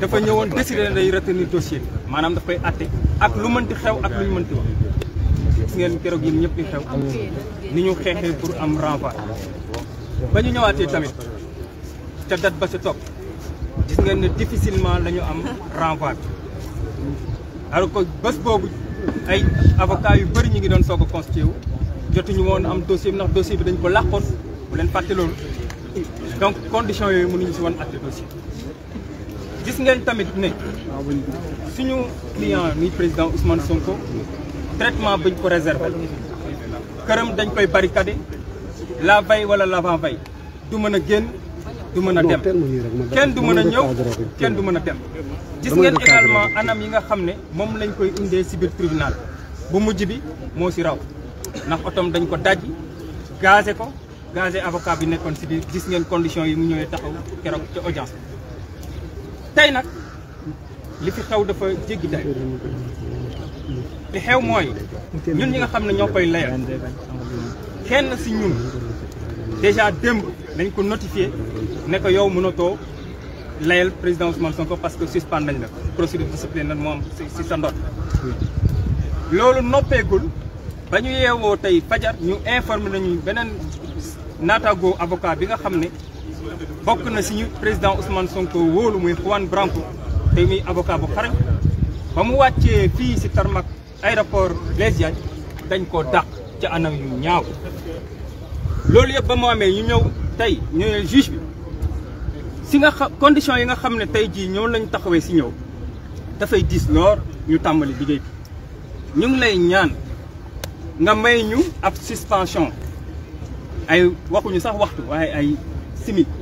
dafa ñëwoon décidé day retenir dossier bi maanaam daf koy atte ak lu mënti xew ak lu ñu mënti wax gis ngeen keroog yéen ñëpp di xew ni ñu xeexee pour am renvoi ba ñu ñëwaatee tamit ca date ba ca topp gis ngeen ne difficilement la ñu am renvoi bi alors que bés boobu ay avocat yu bëri ñu ngi doon soog a constitué wu jotuñu woon am dossier bi ndax dossier bi dañ ko làqoon bu leen fàtte loolu donc condition yooyu mënuñu si woon atte dossier gis ngeen tamit ne suñu client ni président Ousmane Sonko traitement bañ ko réserver këram dañ koy barricader la veille wala l'avant-veille du mën a génn du mën a dem kenn du mën a ñëw kenn du mën a dem gis ngeen également anam yi nga xam ne moom lañ koy indee ci biir tribunal bu mujj bi moo ci raw ndax otom dañ ko daj gazé ko gazé avocat bi nekkoon si biir gis ngeen condition yi mu ñëwee taxaw keroog ca audience tey nag li fi xew dafa jéggi day li xew mooy ñun ñi nga xam ne ñoo koy layal kenn si ñun déjà démb dañ ko notifié ne ko yow mënatoo layal président Ousmane Sonko parce que suspend nañ la procédure disciplinaire moom am si sa ndot loolu noppeegul ba ñu yeewoo tey fajar ñu informé nañu beneen naataagoo avocat bi nga xam ne bokk na si ñu président Ousmane Sonko wóolu muy Juan Branco te muy avocat xarañ ba mu wàccee fii si tarmac aéroport Blaise dañ koo dàq ci anam yu ñaaw loolu yëpp ba mu amee ñu ñëw tey ñu ne bi si nga xam condition yi nga xam ne tey jii ñoo lañ taxawee si ñëw dafay diis loor ñu tàmbali liggéey bi ñu ngi lay ñaan nga may ñu ab suspension ay waxuñu sax waxtu waaye ay simili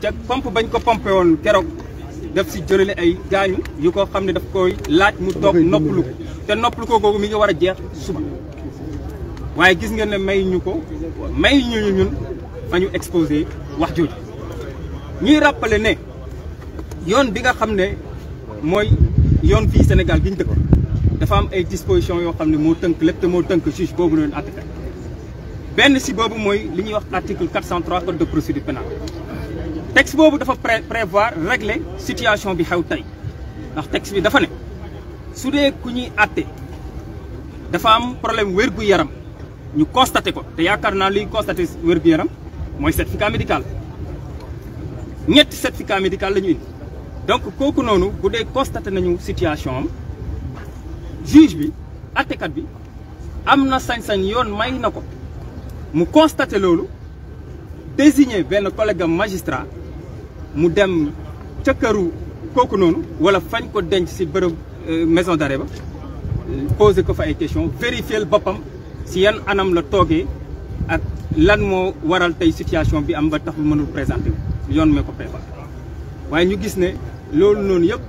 ca pompe bañ ko pompé woon keroog daf si jërale ay gañu yu ko xamné daf koy laaj mu toog noppalu té te ko googu mi ngi wara a jeex suba waye gis ngeen né may ñu ko may ñu ñun fa ñu exposé wax joj ñuy rappelé né yoon bi nga xamné ne yoon fi Sénégal gi ñu dëkk dafa am ay disposition yo xamné mo teunk tënk lépp te mo teunk juge bobu noonu àttekat benn si bobu moy li ñuy wax article 403 code de procédure pénale texte bobu dafa pré prévoir régler situation bi xew tay ndax texte bi dafa ne Soudé dee atté dafa am problème wërgu yaram ñu constater ko té yaakaar naa liy constaté wér yaram moy certificat médical ñetti certificat médical lañu indi donc koku noonu bu dee constater nañu situation am juge bi kat bi amna sañ-sañ yoon may na mu constater lolu désigner ben collègue magistrat mu dem ca këru kooku wala fañ ko denc ci bërëb euh, maison d'arrêt ba euh, poser ko fa ay question vérifier bopam si yan anam la toogee ak lan mo waral tay situation bi am ba tax mënul présenter yoon mee ko prévoir ñu gis ne loolu non yëpp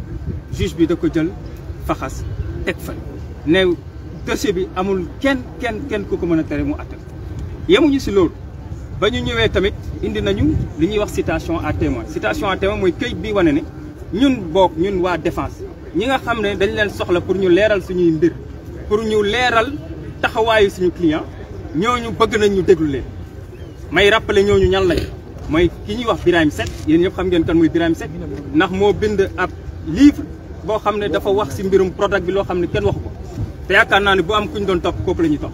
juge bi da ko jël faxas tek fa ne dossier bi amul kenn kenn kenn ku ko mën a mu atte yemuñu si ba ñu ñëwee tamit indi nañu li ñuy wax citation à témoin citation mooy këyit bi wane ne ñun boog ñun waa défense ñi nga xam ne dañ leen soxla pour ñu leeral suñuy mbir pour ñu leeral taxawaayu suñu client ñu bëgg nañ ñu déglu leen may rappeler ñooñu ñan lañ mooy ki ñuy wax Birahim Seck yéen ñëpp xam ngeen kan muy Birahim Seck ndax moo bind ab livre boo xam ne dafa wax si mbirum Prodac bi loo xam ne kenn waxu ko te yaakaar naa ne bu am kuñ doon topp kooku la ñuy topp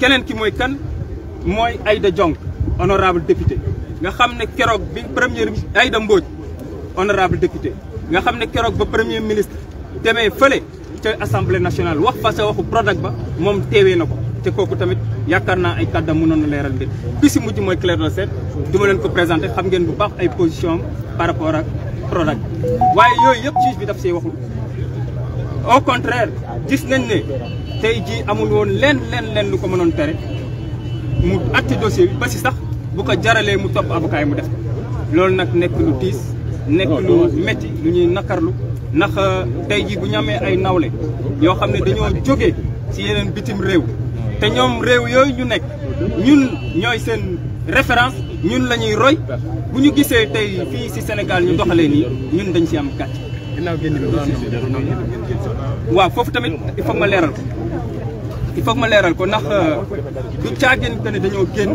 keneen ki mooy kan mooy Aïda Diong honorable député nga xam kérok keroog bi première Aïda Mbodj honorable député nga xam kérok ba premier ministre démé fële ci assemblée nationale wax fa sa waxu product ba mom téwé nako té koku tamit yakarna ay kàddam mënoon na leeral bi bi si mujj moy Clédor Sène du ma ko présenter xam ngeen bu baax ay position par rapport ak product. Waye yoy yëpp ci bi daf see waxu au contraire gis nañ né tay ji amul won leen leen leen lu ko mënoon tere mu atti dossier bi ba si sax bu ko jaralee mu topp avocat yi mu def loolu nag nekk lu tiis nekk lu métti lu ñuy nakkarlu ndax euh, tey jii bu ñu amee ay nawle ñoo xam ne dañoo jóge ci yeneen bitim réew te ñoom réew yooyu ñu nekk ñun ñooy seen référence ñun lañuy roy bu ñu gisee tey fii ci Sénégal ñu doxalee nii ñun dañ ci am gàcc waaw foofu tamit il faut ma leeral ko il faut ma leeral ko ndax euh, du caagin que ne dañoo génn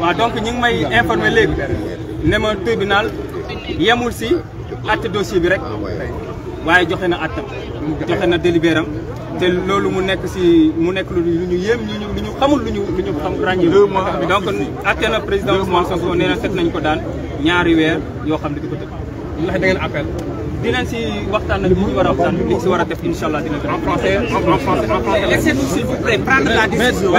waaw donc ñu ngi may informé léegi ne ma tribunal yemul si àtte dossier bi rek waaye joxe na àttam joxe na délibéram te loolu mu nekk si mu nekk lu ñu yéem ñu lu ñu xamul lu ñu lu ñu xam lu donc àtte na président Ousmane Sonko nee na teg nañu ko daan ñaari weer yoo xam ne di ndax da ngeen appel. dinañ en français en français en français. laissez-nous s'il vous plaît prendre la décision. je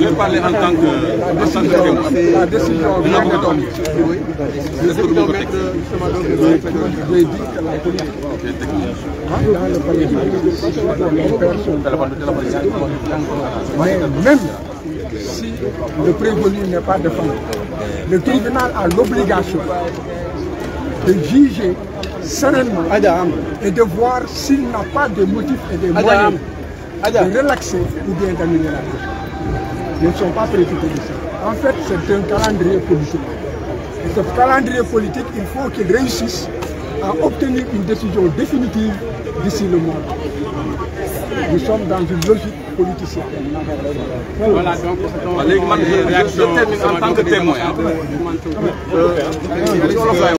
vais en que. le si le prévenu n'est pas défendu. Le tribunal a l'obligation de juger sereinement et de voir s'il n'a pas de motifs et de moyens de relaxer ou bien d'annuler la peine. Nous ne sommes pas préoccupés de ça. En fait, c'est un calendrier politique. ce calendrier politique, il faut qu'il réussisse à obtenir une décision définitive d'ici le mois. Nous sommes dans une logique politicien. voilà donc léegi man je termine en tant que témoin